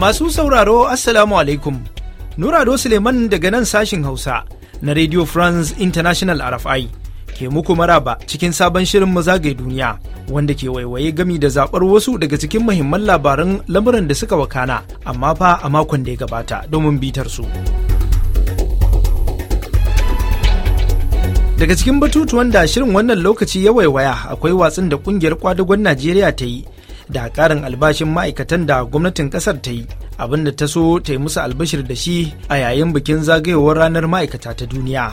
Masu sauraro Assalamu alaikum. Nurado Suleiman daga nan sashin Hausa na Radio France International RFI ke muku maraba cikin sabon shirin mazagai duniya wanda ke waiwaye gami da zaɓar wasu daga cikin muhimman labaran lamuran da suka wakana amma fa a makon da ya gabata domin bitar su. Daga cikin batutuwan da shirin wannan lokaci ya waiwaya akwai watsin da kungiyar kwadagon Najeriya ta yi da ƙarin albashin ma'aikatan da gwamnatin ƙasar ta yi abin da ta so ta yi musu albashir da shi a yayin bikin zagayowar ranar ma'aikata ta duniya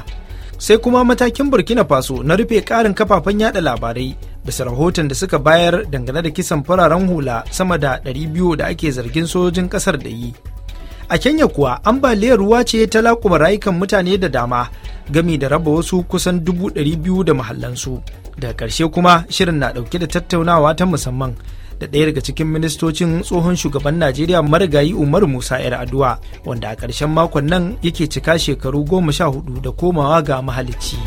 sai kuma matakin burkina faso na rufe ƙarin kafafen yada labarai bisa rahoton da suka bayar dangane da kisan fararen hula sama da 200 da ake zargin sojojin ƙasar da yi a kenya kuwa ambaliyar ruwa ce ta lakuma rayukan mutane da dama gami da raba wasu kusan dubu ɗari biyu da mahallansu daga ƙarshe kuma shirin na ɗauke da tattaunawa ta musamman da ɗaya daga cikin ministocin tsohon shugaban najeriya marigayi umar musa yar aduwa wanda a ƙarshen makon nan yake cika shekaru goma sha hudu da komawa ga mahalicci.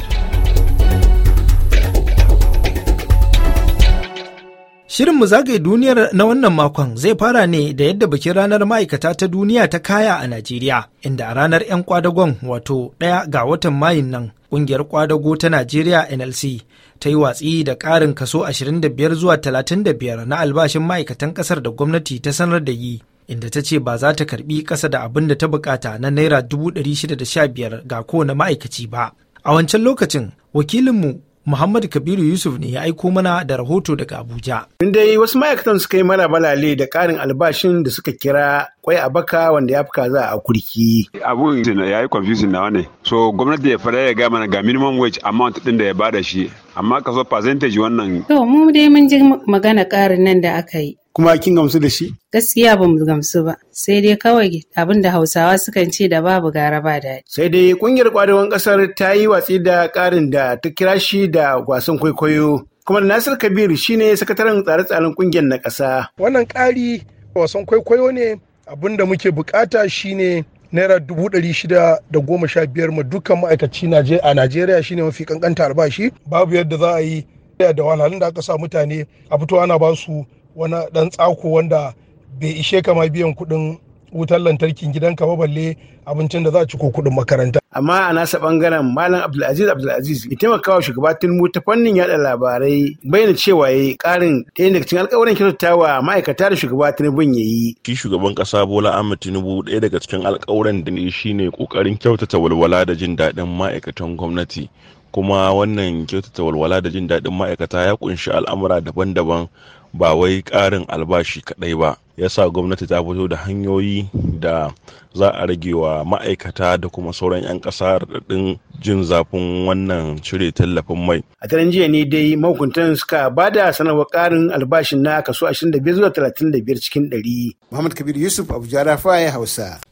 Shirin mu zagaye duniyar na wannan makon zai fara ne da yadda bikin ranar ma'aikata ta duniya ta kaya a Najeriya, inda a ranar 'yan kwadagon wato ɗaya ga watan Mayun nan ƙungiyar kwadago ta Najeriya NLC ta yi watsi da ƙarin kaso 25 zuwa 35 na albashin ma'aikatan ƙasar da gwamnati ta sanar da yi. Inda ta ce ba za ta karbi ƙasa da abin da ta bukata na Naira 615 ga kowane ma'aikaci ba. A wancan lokacin, wakilinmu Muhammadu Kabiru Yusuf ne ya aiko mana da rahoto daga Abuja. dai wasu ma'aikatan suka yi mana balale da ƙarin albashin da suka kira kwai a baka wanda ya fi kaza a kurki. Abu ya yi confusing nawa ne. So gwamnati ya fara ya gaya mana ga minimum wage amount ɗin da ya bada shi. Amma kaso percentage wannan. To mu dai mun ji magana ƙarin nan da aka yi. kuma kin gamsu da shi? Gaskiya ba mu gamsu ba, sai dai kawai abin da Hausawa sukan ce da babu gara ba daɗi. Sai dai kungiyar kwadawan ƙasar ta yi watsi da karin da ta kira shi da wasan kwaikwayo. Kuma Nasir Kabir shine sakataren tsare-tsaren kungiyar na ƙasa. Wannan ƙari wasan kwaikwayo ne abin da muke bukata shine naira dubu ɗari shida da goma sha biyar ma dukkan ma'aikaci a Najeriya shine mafi ƙanƙanta albashi babu yadda za a yi da wahalhalun da aka sa mutane a fito ana ba su wani dan tsako wanda bai ishe kama biyan kuɗin wutar lantarkin gidanka ba balle abincin da za a ci ko kuɗin makaranta. Amma a nasa ɓangaren Malam Abdulaziz Abdulaziz ya taimaka wa shugaba Tinubu ta fannin yaɗa labarai bayyana cewa ya yi ƙarin ɗaya daga cikin alƙawarin kyautatawa ma'aikata da shugaba Tinubu ya yi. Shi shugaban ƙasa Bola Ahmed Tinubu ɗaya daga cikin alƙawuran da ne ne ƙoƙarin kyautata walwala da jin daɗin ma'aikatan gwamnati. kuma wannan kyautata walwala da jin daɗin ma'aikata ya kunshi al'amura daban-daban ba wai karin albashi kadai ba yasa gwamnati ta fito da hanyoyi da za a rage wa ma'aikata da kuma sauran 'yan ƙasa raɗaɗin jin zafin wannan cire tallafin mai. A daren jiya ne dai mahukuntan suka ba da sanarwar ƙarin albashin na kaso 25 zuwa 35 cikin 100. Muhammad Kabir Yusuf abu jarafa ya Hausa.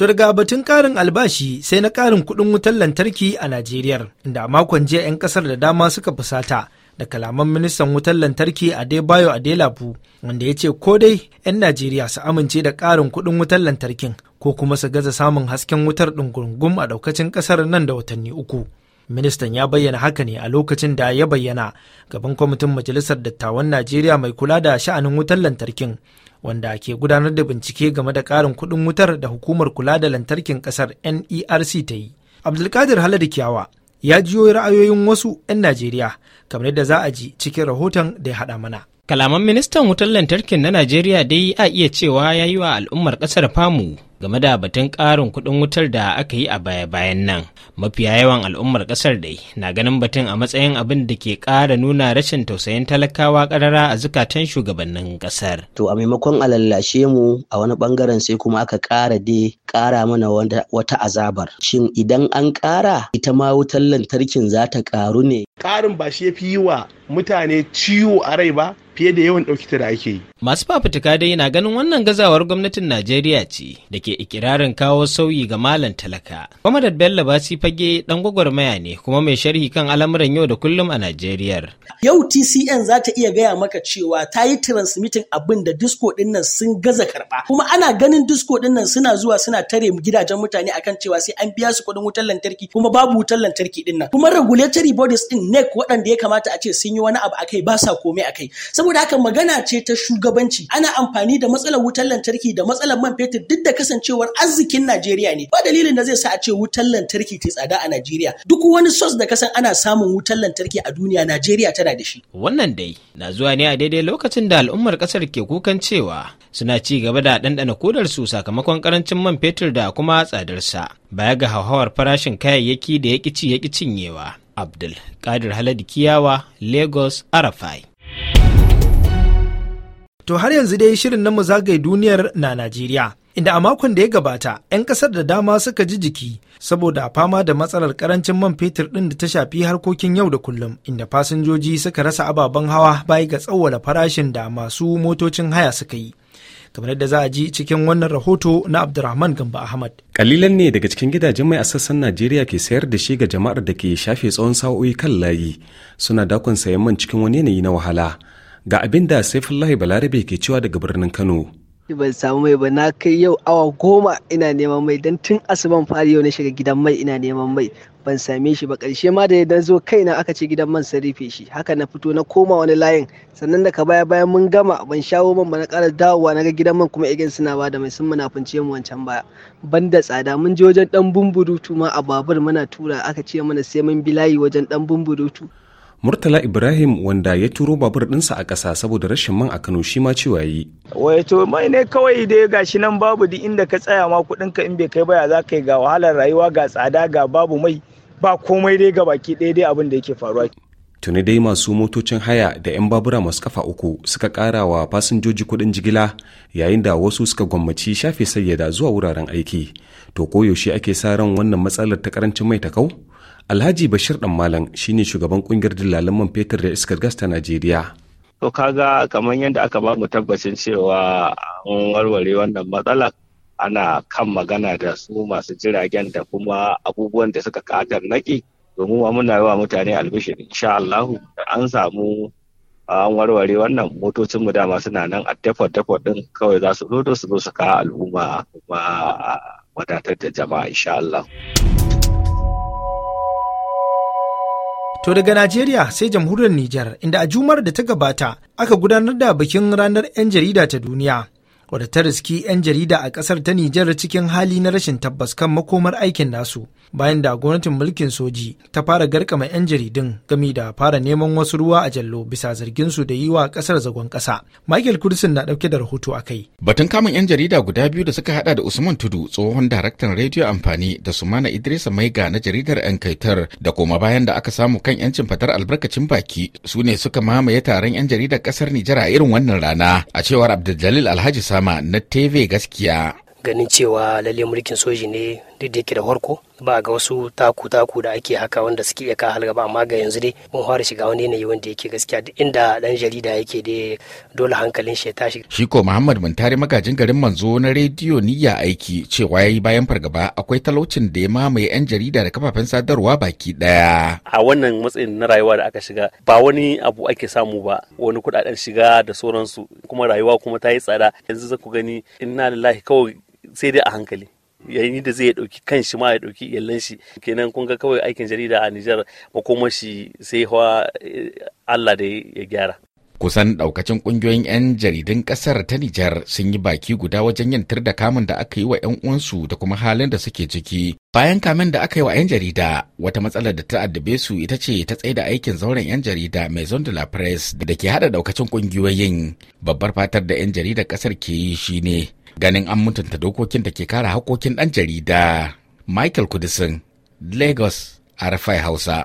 To daga batun ƙarin albashi sai na ƙarin kuɗin wutar lantarki a Najeriya, da makon jiya 'yan ƙasar da dama suka fusata da kalaman ministan wutar lantarki Adebayo Adelabu wanda ya ce ko dai 'yan Najeriya su amince da ƙarin kuɗin wutar lantarkin ko kuma su gaza samun hasken wutar ɗungurungum a ɗaukacin ƙasar nan da watanni uku. Ministan ya bayyana haka ne a lokacin da ya bayyana gaban kwamitin Majalisar Dattawan Najeriya mai kula da sha'anin wutar lantarkin wanda ke gudanar da bincike game da ƙarin kuɗin wutar da hukumar kula da lantarkin ƙasar NERC ta yi. Abdulkadir Haladu Kiyawa ya jiyo ra'ayoyin wasu 'yan Najeriya kamar yadda za a ji cikin rahoton da ya haɗa mana. Kalaman ministan wutar lantarkin na Najeriya dai a iya cewa ya yi wa al'ummar ƙasar famu game da batun ƙarin kuɗin wutar da aka yi a baya-bayan nan mafiya yawan al'ummar ƙasar dai na ganin batun a matsayin abin da ke ƙara nuna rashin tausayin talakawa ƙarara a zukatan shugabannin ƙasar. to a maimakon alallashe mu a wani ɓangaren sai kuma aka ƙara dai ƙara mana wata azabar shin idan an ƙara ita ma wutar lantarkin za ta ƙaru ne karin ba shi ya fi yi wa mutane ciwo a rai ba fiye da yawan ɗauki da ake yi. Masu fafutuka dai na ganin wannan gazawar gwamnatin Najeriya ce da ke ikirarin kawo sauyi ga malam talaka. Kwamadar Bello Basi fage ɗan gwagwarmaya ne kuma mai sharhi kan al'amuran yau da kullum a Najeriya. Yau TCN za ta iya gaya maka cewa ta yi transmitting abin da disco ɗin nan sun gaza karɓa. Kuma ana ganin disko ɗin nan suna zuwa suna tare gidajen mutane akan cewa sai an biya su kuɗin wutar lantarki kuma babu wutar lantarki ɗin nan. Kuma regulatory bodies ɗin nek waɗanda ya kamata a ce sun yi wani abu akai ba sa komai akai saboda haka magana ce ta shugabanci ana amfani da matsalar wutar lantarki da matsalar man fetur duk da kasancewar arzikin Najeriya ne ba dalilin da zai sa a ce wutar lantarki ta tsada a Najeriya duk wani sos da kasan ana samun wutar lantarki a duniya Najeriya tana da shi wannan dai na zuwa ne a daidai lokacin da al'ummar kasar ke kukan cewa suna ci gaba da ɗanɗana kodar su sakamakon karancin man fetur da kuma tsadarsa baya ga hauhawar farashin kayayyaki da ya ci ya cinyewa abdul kadir haladi kiyawa lagos arafai to har yanzu dai shirin na mu zagaye duniyar na najeriya inda a makon da ya gabata 'yan kasar da dama suka ji jiki saboda fama da matsalar karancin man fetur ɗin da ta shafi harkokin yau da kullum inda fasinjoji suka rasa ababen hawa bayi ga tsawwala farashin da masu motocin haya suka yi kamar yadda za a ji cikin wannan rahoto na abdurrahman gamba ahmad kalilan ne daga cikin gidajen mai a sassan najeriya ke sayar da shi ga jama'ar da ke shafe tsawon sa'o'i kan layi suna dakon sayan man cikin wani yanayi na wahala ga abin da saifullahi balarabe ke cewa daga birnin kano ban samu mai ba na kai yau awa goma ina neman mai don tun asuban fari yau na shiga gidan mai ina neman mai ban same shi ba Karshe ma da na zo kaina aka ce gidan man sun rufe shi haka na fito na koma wani layin sannan daga baya bayan mun gama ban shawo man ba na ƙara dawowa na ga gidan man kuma igin suna bada mai sun munafunce mu wancan baya ban da tsada mun je wajen dan bumburutu ma a babur muna tura aka ce mana sai mun bi layi wajen dan bumburutu Murtala Ibrahim wanda ya turo babur dinsa a ƙasa saboda rashin man a Kano shi ma cewa yi. Wai to mai ne kawai dai gashi nan babu di inda ka tsaya ma ka in bai kai baya za ka yi ga wahalar rayuwa ga tsada ga babu mai ba komai dai ga baki ɗaya dai abin da yake faruwa. Tuni dai masu motocin haya da 'yan babura masu kafa uku suka karawa wa fasinjoji kuɗin jigila yayin da wasu suka gwammaci shafe sayyada zuwa wuraren aiki. To koyaushe ake sa ran wannan matsalar ta karancin mai ta kau? Alhaji Bashir Dan Malam shine shugaban kungiyar dillalan man fetur da iskar gas ta Najeriya. To kaga kamar yadda aka ba mu tabbacin cewa an warware wannan matsala ana kan magana da su masu jiragen da kuma abubuwan da suka katar naki domin wa muna yawa mutane albishir insha Allah an samu an warware wannan motocin mu dama suna nan a depot depot din kawai za su lodo su zo su ka al'umma kuma wadatar da jama'a insha Allah. To daga Najeriya sai jamhuriyar Nijar inda a jumar da ta gabata aka gudanar da bikin ranar 'yan jarida ta duniya. wadda ta riski 'yan jarida a kasar ta Nijar cikin hali na rashin tabbas kan makomar aikin nasu bayan da gwamnatin mulkin soji ta fara garkama 'yan jaridun gami da fara neman wasu ruwa a jallo bisa zargin su da yi wa kasar zagon kasa. Michael Kursin na dauke da rahoto a kai. Batun kamun 'yan jarida guda biyu da suka hada da Usman Tudu tsohon daraktan rediyo amfani da Sumana Idrisa Maiga na jaridar 'yan kaitar da kuma bayan da aka samu kan 'yancin fatar albarkacin baki su ne suka mamaye taron 'yan jaridar kasar Nijar a irin wannan rana a cewar Abdul Alhaji sama na TV gaskiya. Ganin cewa lalle mulkin soji ne duk da yake da farko ba ga wasu taku-taku da ake haka wanda suke iya ka halgaba amma ga yanzu dai mun fara shiga wani yanayi wanda yake gaskiya duk inda dan jarida yake dai dole hankalin shi ya tashi. Shi ko Muhammad Muntari magajin garin Manzo na rediyo niyya aiki cewa yayi bayan fargaba akwai talaucin da ya mamaye yan jarida da kafafen sadarwa baki daya. A wannan matsayin na rayuwa da aka shiga ba wani abu ake samu ba wani kudaden shiga da sauransu kuma rayuwa kuma ta yi tsada yanzu za ku gani inna lillahi kawai sai dai a hankali. yayin da zai dauki kanshi ma ya dauki iyalan shi kenan kun ga kawai aikin jarida a Nijar makoma shi sai hawa eh, Allah da ya gyara kusan daukacin kungiyoyin 'yan jaridun kasar ta Nijar sun yi baki guda wajen yin tir da kamun da aka yi wa 'yan uwansu da kuma halin da suke ciki. Bayan kamun da aka yi wa 'yan jarida, wata matsalar da ta addabe su ita ce ta da aikin zauren 'yan jarida mai de la presse da ke hada daukacin kungiyoyin. Babbar fatar da 'yan jaridar kasar ke yi shine ganin an mutunta dokokin da ke kare hakokin ɗan jarida. Michael Kudisin, Lagos, RFI Hausa.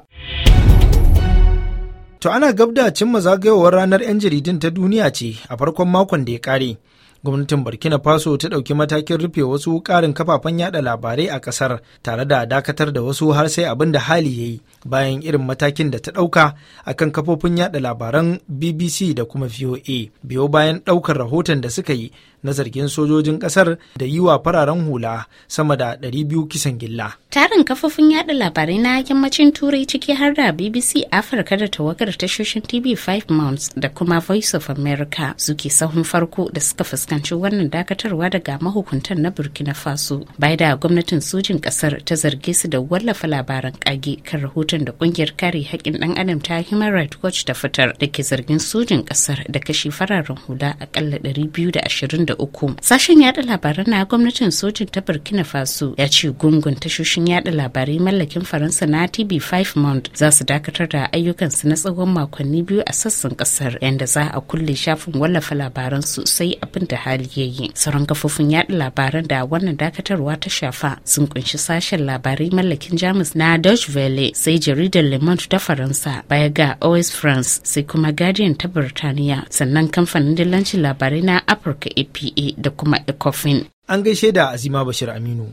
To ana gabda cimma zagayowar ranar 'yan jaridun ta duniya ce a farkon makon da ya kare. Gwamnatin Burkina Faso ta ɗauki matakin rufe wasu ƙarin kafafen yaɗa labarai a ƙasar tare da dakatar da wasu har sai abin da hali ya yi bayan irin matakin da ta ɗauka a kan kafofin yaɗa labaran BBC da kuma VOA biyo bayan ɗaukar rahoton da suka yi na zargin sojojin kasar da yi wa fararen hula sama da 200 kisan gilla. Tarin kafofin yada labarai na yammacin turai ciki har da BBC Afirka da tawagar tashoshin TV 5 Mounts da kuma Voice of America suke sahun farko da suka fuskanci wannan dakatarwa daga mahukuntan na Burkina Faso. Bai da gwamnatin sojin kasar ta zarge su da wallafa labaran kage kan rahoton da kungiyar kare haƙƙin ɗan adam ta Human Rights Watch ta fitar da ke zargin sojin kasar da kashe fararen hula akalla 220 uku. Sashen yada labarai na gwamnatin sojin ta Burkina Faso ya ce gungun tashoshin yada labarai mallakin Faransa na TB5 Mond za su dakatar da ayyukan su na tsawon makonni biyu a sassan kasar yadda za a kulle shafin wallafa labaran su sai abin da hali yayi yi. Sauran kafofin yada labaran da wannan dakatarwa ta shafa sun kunshi sashen labarai mallakin Jamus na Deutsche Welle sai jaridar Le Monde ta Faransa baya ga OS France sai kuma Guardian ta burtaniya sannan kamfanin dillancin labarai na Africa AP IPA da kuma ECOFIN. An gaishe da Azima Bashir Aminu.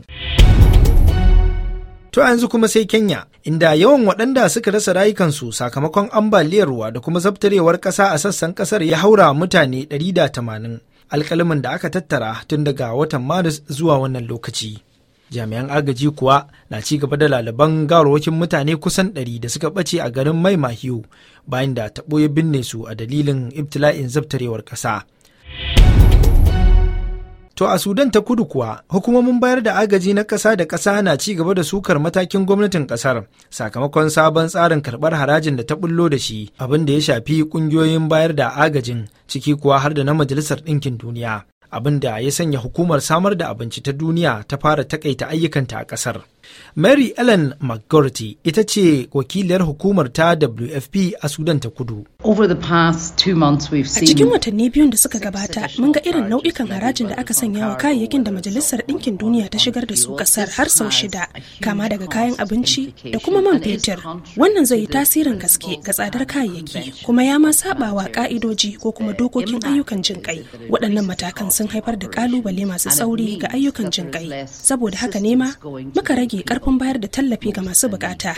To yanzu kuma sai Kenya, inda yawan waɗanda suka rasa rayukansu sakamakon ambaliyar ruwa da kuma zabtarewar ƙasa a sassan ƙasar ya haura mutane 180 alkalamin da aka tattara tun daga watan Maris zuwa wannan lokaci. Jami'an agaji kuwa na ci gaba da laliban gawarwakin mutane kusan 100 da suka ɓace a garin Mai Mahiyu bayan da taɓo ya binne su a dalilin ibtila'in zabtarewar ƙasa. To a Sudan ta kudu kuwa, hukumomin bayar da agaji na ƙasa da ƙasa na ci gaba da sukar matakin gwamnatin ƙasar sakamakon sabon tsarin karɓar harajin da ta bullo da shi abin da ya shafi ƙungiyoyin bayar da agajin ciki kuwa har da na Majalisar Ɗinkin Duniya. Abin da ya sanya hukumar samar da abinci ta duniya ta fara taƙaita ayyukanta a ƙasar. Mary Ellen McGorty ita ce wakiliyar hukumar ta WFP a Sudan ta kudu. A cikin watanni biyun da suka gabata, mun ga irin nau'ikan harajin da aka sanya wa kayayyakin da Majalisar Ɗinkin Duniya ta shigar da su ƙasar har sau shida, kama daga kayan abinci da kuma man fetur. Wannan zai yi tasirin gaske ga tsadar kayayyaki, kuma ya ma sabawa ƙa'idoji ko kuma uh, dokokin ayyukan jin kai. Waɗannan matakan sun haifar da ƙalubale masu tsauri ga ayyukan jin kai. Saboda haka ne ma, muka rage karfin bayar da tallafi ga masu bukata.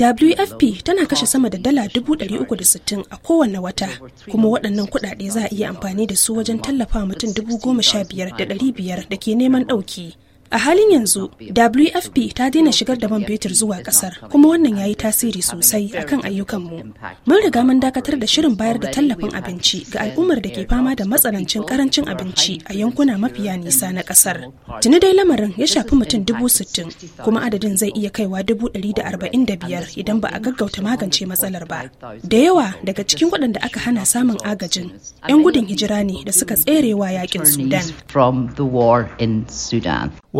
WFP tana kashe sama da dala 360 a kowane wata, kuma waɗannan kuɗaɗe za a iya amfani da su wajen tallafa mutum 15,500 da ke neman ɗauki a halin yanzu wfp ta daina shigar da man fetur zuwa kasar kuma wannan ya yi tasiri sosai akan ayyukanmu mun riga mun dakatar da shirin bayar da tallafin abinci ga al'ummar da ke fama da matsanancin karancin abinci a yankuna mafiya nisa na kasar tuni dai lamarin ya shafi mutum dubu sittin kuma adadin zai iya kaiwa dubu ɗari da arba'in da biyar idan ba a gaggauta magance matsalar ba da yawa daga cikin waɗanda aka hana samun agajin 'yan gudun hijira ne da suka tserewa yakin sudan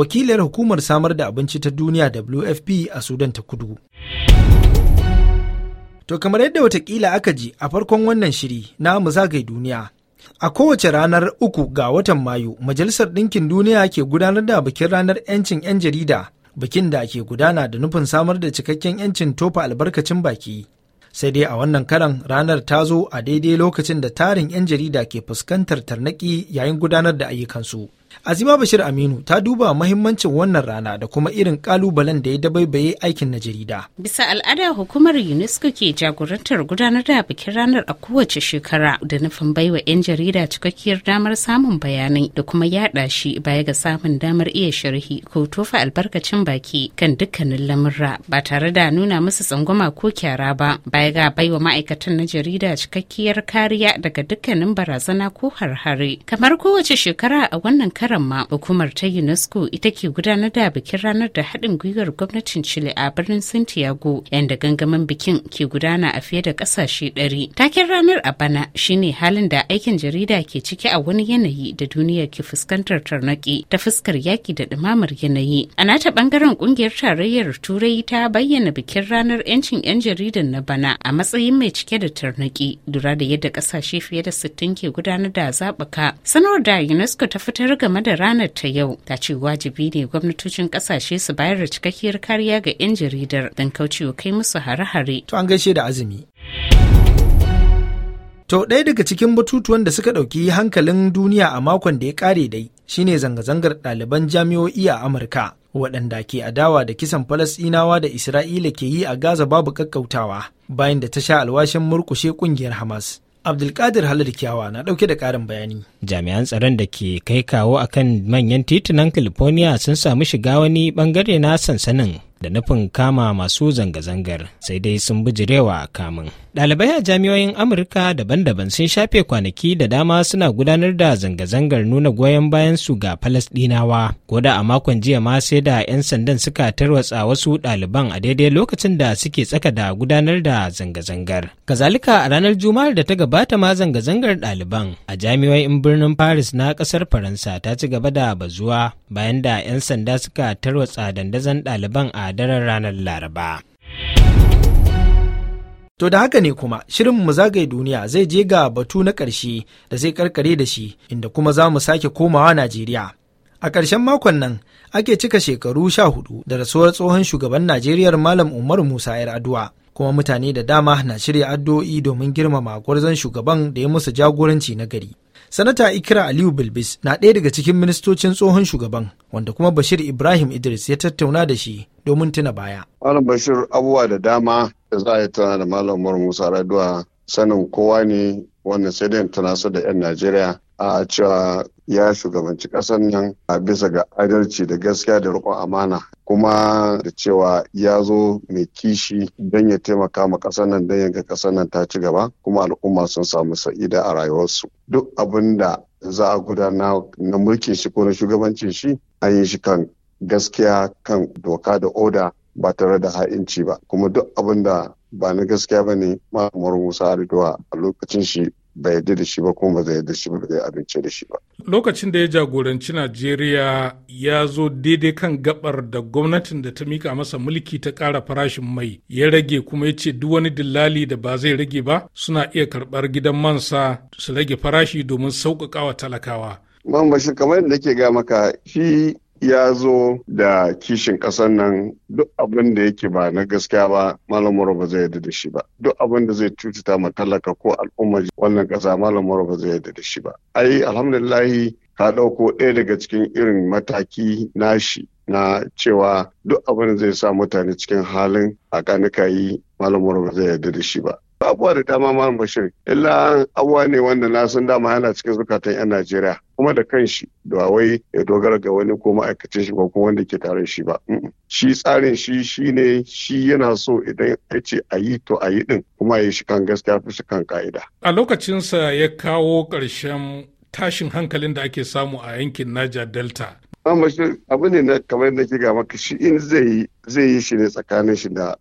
wakilar hukumar samar da abinci ta duniya WFP a Sudan ta kudu. To kamar yadda watakila aka ji a farkon wannan shiri na mu zagaye duniya. A kowace ranar uku ga watan Mayu, Majalisar Ɗinkin Duniya ke gudanar da bikin ranar 'yancin 'yan jarida, bikin da ke gudana da nufin samar da cikakken 'yancin tofa albarkacin baki. Sai dai a wannan karan ranar ta zo a daidai lokacin da tarin 'yan jarida ke fuskantar tarnaki yayin gudanar da ayyukansu. Azima Bashir Aminu ta duba mahimmancin wannan rana da kuma irin kalubalen da ya dabaibaye aikin na jarida. Bisa al'ada hukumar UNESCO ke jagorantar gudanar da bikin ranar a kowace shekara da nufin baiwa 'yan jarida cikakkiyar damar samun bayanai da kuma yada shi baya ga samun damar iya sharhi ko tofa albarkacin baki kan dukkanin lamurra ba tare da nuna musu tsangwama ko kyara ba baya ga baiwa ma'aikatan na jarida cikakkiyar kariya daga dukkanin barazana ko harhare. Kamar kowace shekara a wannan karan ma hukumar ta UNESCO ita ke gudanar da bikin ranar da haɗin gwiwar gwamnatin Chile a birnin Santiago yanda gangamin bikin ke gudana a fiye da ƙasashe ɗari. Taken ranar a bana shine halin da aikin jarida ke ciki a wani yanayi da duniya ke fuskantar tarnaƙi ta fuskar yaƙi da ɗumamar yanayi. A nata ɓangaren ƙungiyar tarayyar Turai ta bayyana bikin ranar 'yancin 'yan jaridan na bana a matsayin mai cike da tarnaƙi lura da yadda ƙasashe fiye da 60 ke gudanar da zaɓuka. sanar da UNESCO ta fitar ga game da ranar ta yau ta ce wajibi ne gwamnatocin kasashe su bayar da cikakkiyar kariya ga 'yan jaridar don kaucewa kai musu hare-hare. To an gaishe da azumi. To ɗaya daga cikin batutuwan da suka ɗauki hankalin duniya a makon da ya ƙare dai shine zanga-zangar ɗaliban jami'o'i a Amurka waɗanda ke adawa da kisan Falasɗinawa da Isra'ila ke yi a Gaza babu kakkautawa bayan da ta sha alwashin murkushe ƙungiyar Hamas. Abdulkadir Halil Kyawa na ɗauke da ƙarin bayani. Jami'an tsaron da ke kai kawo akan manyan titunan California sun samu shiga wani bangare na sansanin da nufin kama masu zanga-zangar sai dai sun bijirewa kamun. Ɗalibai a jami'o'in Amurka daban-daban sun shafe kwanaki da dama suna gudanar da zanga-zangar nuna goyon bayan su ga Falasɗinawa. Ko da a makon jiya ma sai da 'yan sandan suka tarwatsa wasu ɗaliban a daidai lokacin da suke tsaka da gudanar da zanga-zangar. Kazalika a ranar Juma'ar da ta gabata ma zanga-zangar ɗaliban a jami'o'in birnin Paris na ƙasar Faransa ta ci gaba da bazuwa bayan da 'yan sanda suka tarwatsa dandazon ɗaliban a daren ranar Laraba. To da haka ne kuma shirin mu zagaye duniya zai je ga batu na ƙarshe da zai karkare da shi inda kuma za mu sake komawa Najeriya. A ƙarshen makon nan ake cika shekaru sha hudu da rasuwar tsohon shugaban Najeriya Malam Umar Musa Yar'adua. kuma mutane da dama na shirya addu'o'i domin girmama gwarzon shugaban da ya musu jagoranci na gari. Sanata Ikira Aliyu Bilbis na ɗaya daga cikin ministocin tsohon shugaban wanda kuma Bashir Ibrahim Idris ya tattauna da shi domin tuna baya. Malam Bashir abubuwa da dama da za a yi tana da Malam Musa Raduwa sanin kowa ne wannan sai dai tunasar da 'yan Najeriya a cewa ya shugabanci ƙasar nan a bisa ga adalci da gaskiya da riƙon amana kuma da cewa ya zo mai kishi don ya taimaka ma ƙasar nan don ga ƙasar nan ta ci gaba kuma al'umma sun samu sa'ida a rayuwarsu duk abin da za a gudana na mulkin shi ko na shugabancin shi an yi shi kan gaskiya kan doka da oda ba tare da ha'inci ba kuma duk abin da ba na gaskiya ba ne Musa Aridowa a lokacin shi ba yarda da shi ba kuma ba zai yarda shi ba zai abinci da shi ba. Lokacin da ya jagoranci Najeriya ya zo daidai kan gabar da gwamnatin da ta mika masa mulki ta ƙara farashin mai ya rage kuma ya ce duk wani dillali da ba zai rage ba suna iya karɓar gidan mansa su rage farashi domin sauƙaƙawa talakawa. Man bashi kamar yadda ke ga maka shi ya zo da kishin ƙasar nan duk abin da yake ba na gaskiya ba malam ba zai yarda da shi ba duk abin da zai cututa ma talaka ko al'umma wannan ƙasa malam ba zai yarda da shi ba ai alhamdulillah ka ɗauko ɗaya daga cikin irin mataki nashi na cewa duk abin da zai sa mutane cikin halin a yi malam ba zai yarda da shi ba abubuwa da dama malam bashir illa abubuwa ne wanda na san dama yana cikin zukatan 'yan najeriya kuma da kan shi da wai ya dogara ga wani ko ma'aikacin shi ko kuma wanda ke tare shi ba shi tsarin shi shi ne shi yana so idan ya ce a yi to a yi din kuma ya shi kan gaskiya fi kan ka'ida a lokacinsa ya kawo ƙarshen tashin hankalin da ake samu a yankin Niger Delta amma shi abu ne na kamar na ke gama shi in zai yi zai shi ne tsakanin shi da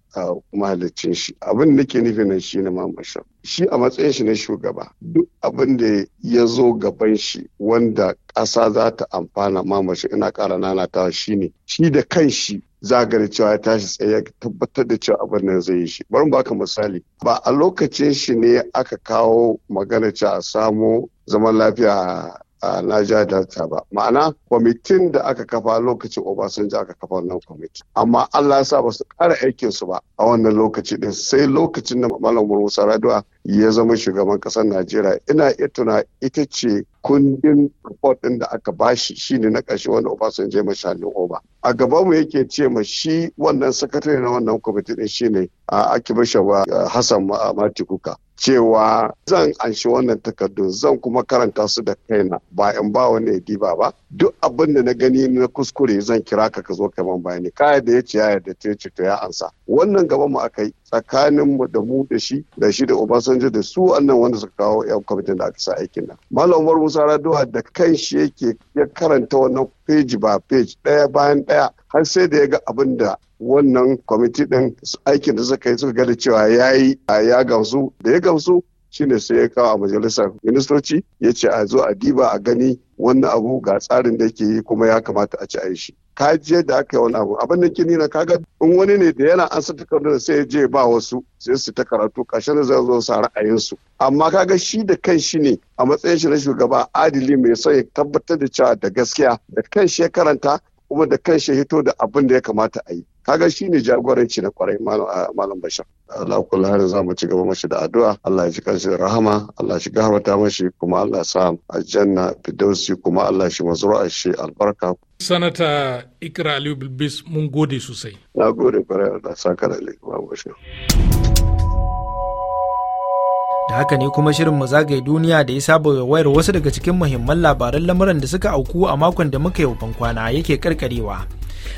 mahalicin shi abin da ke nufi nan shi ne mamashin shi a matsayin shi na shugaba duk abin da ya zo gaban shi wanda ƙasa za ta amfana mamashin ina ƙara ta shi ne shi da kan shi za gani cewa ya tashi tsaye ya tabbatar da cewa abin nan zai yi shi bari baka misali ba a lokacin shi ne aka kawo magana cewa a samo zaman lafiya na ja darta ba ma'ana kwamitin da aka kafa lokacin obasanjo aka kafa wannan kwamiti amma allah ya sa ba su ƙara aikin su ba a wannan lokaci din sai lokacin da malam musa raduwa ya zama shugaban ƙasar najeriya ina iya ita ce kundin report din da aka bashi shine na ƙarshe wanda obasanjo ya mashalin oba a gaba mu yake ce ma shi wannan sakatare na wannan kwamiti din shine a Akibashawa hassan mati kuka cewa zan anshi wannan takardun zan kuma karanta su da kaina ba in ba wani ya diba ba duk abin da na gani na kuskure zan kira ka ka zo ka man bayani kaya da ya ce ya yarda ta ce to ya ansa wannan gaban mu aka yi tsakanin mu da mu da shi da shi da Obasanjo da su wannan wanda suka kawo yan kwamitin da aka sa aikin nan Malam Umar Musa Raduwa da shi yake ya karanta wannan page ba page ɗaya bayan ɗaya har sai da ya ga abin da wannan kwamiti ɗin aikin da suka yi suka gada cewa ya yi ya gamsu da ya gamsu shine sai ya kawo a majalisar ministoci ya ce a zo a diba a gani wannan abu ga tsarin da yake yi kuma ya kamata a ci a yi shi ka je da aka yi wani abu abin da ke nuna kaga in wani ne da yana an sa takardar sai ya je ba wasu sai su ta karatu ƙarshen da zai zo sa ra'ayinsu amma kaga shi da kan shi ne a matsayin shi na shugaba adili mai son ya tabbatar da cewa da gaskiya da kan shi ya karanta kuma da kan shi hito da abin da ya kamata a yi kaga ne jagoranci na kwarai malam ah, bashar Allah kula har za mu ci gaba mashi da addu'a Allah ya ji kansu da rahama Allah shi gafarta mashi kuma Allah ya sa aljanna fidausi kuma Allah shi a shi albarka sanata Ikra Aliyu Bilbis mun gode sosai na gode kwarai Allah saka da alaikum da haka ne kuma shirin mu zagaye duniya da ya saba wayar wasu daga cikin muhimman labaran lamuran da suka auku a makon da muka yi kwana yake karkarewa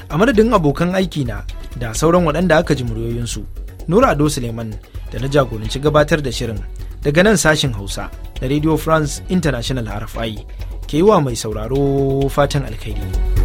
a madadin abokan aiki na da sauran waɗanda aka ji muryoyinsu nura ado suleiman da na jagoranci gabatar da shirin daga nan sashin hausa da radio france international rfi ke yi wa mai sauraro fatan alkhairi.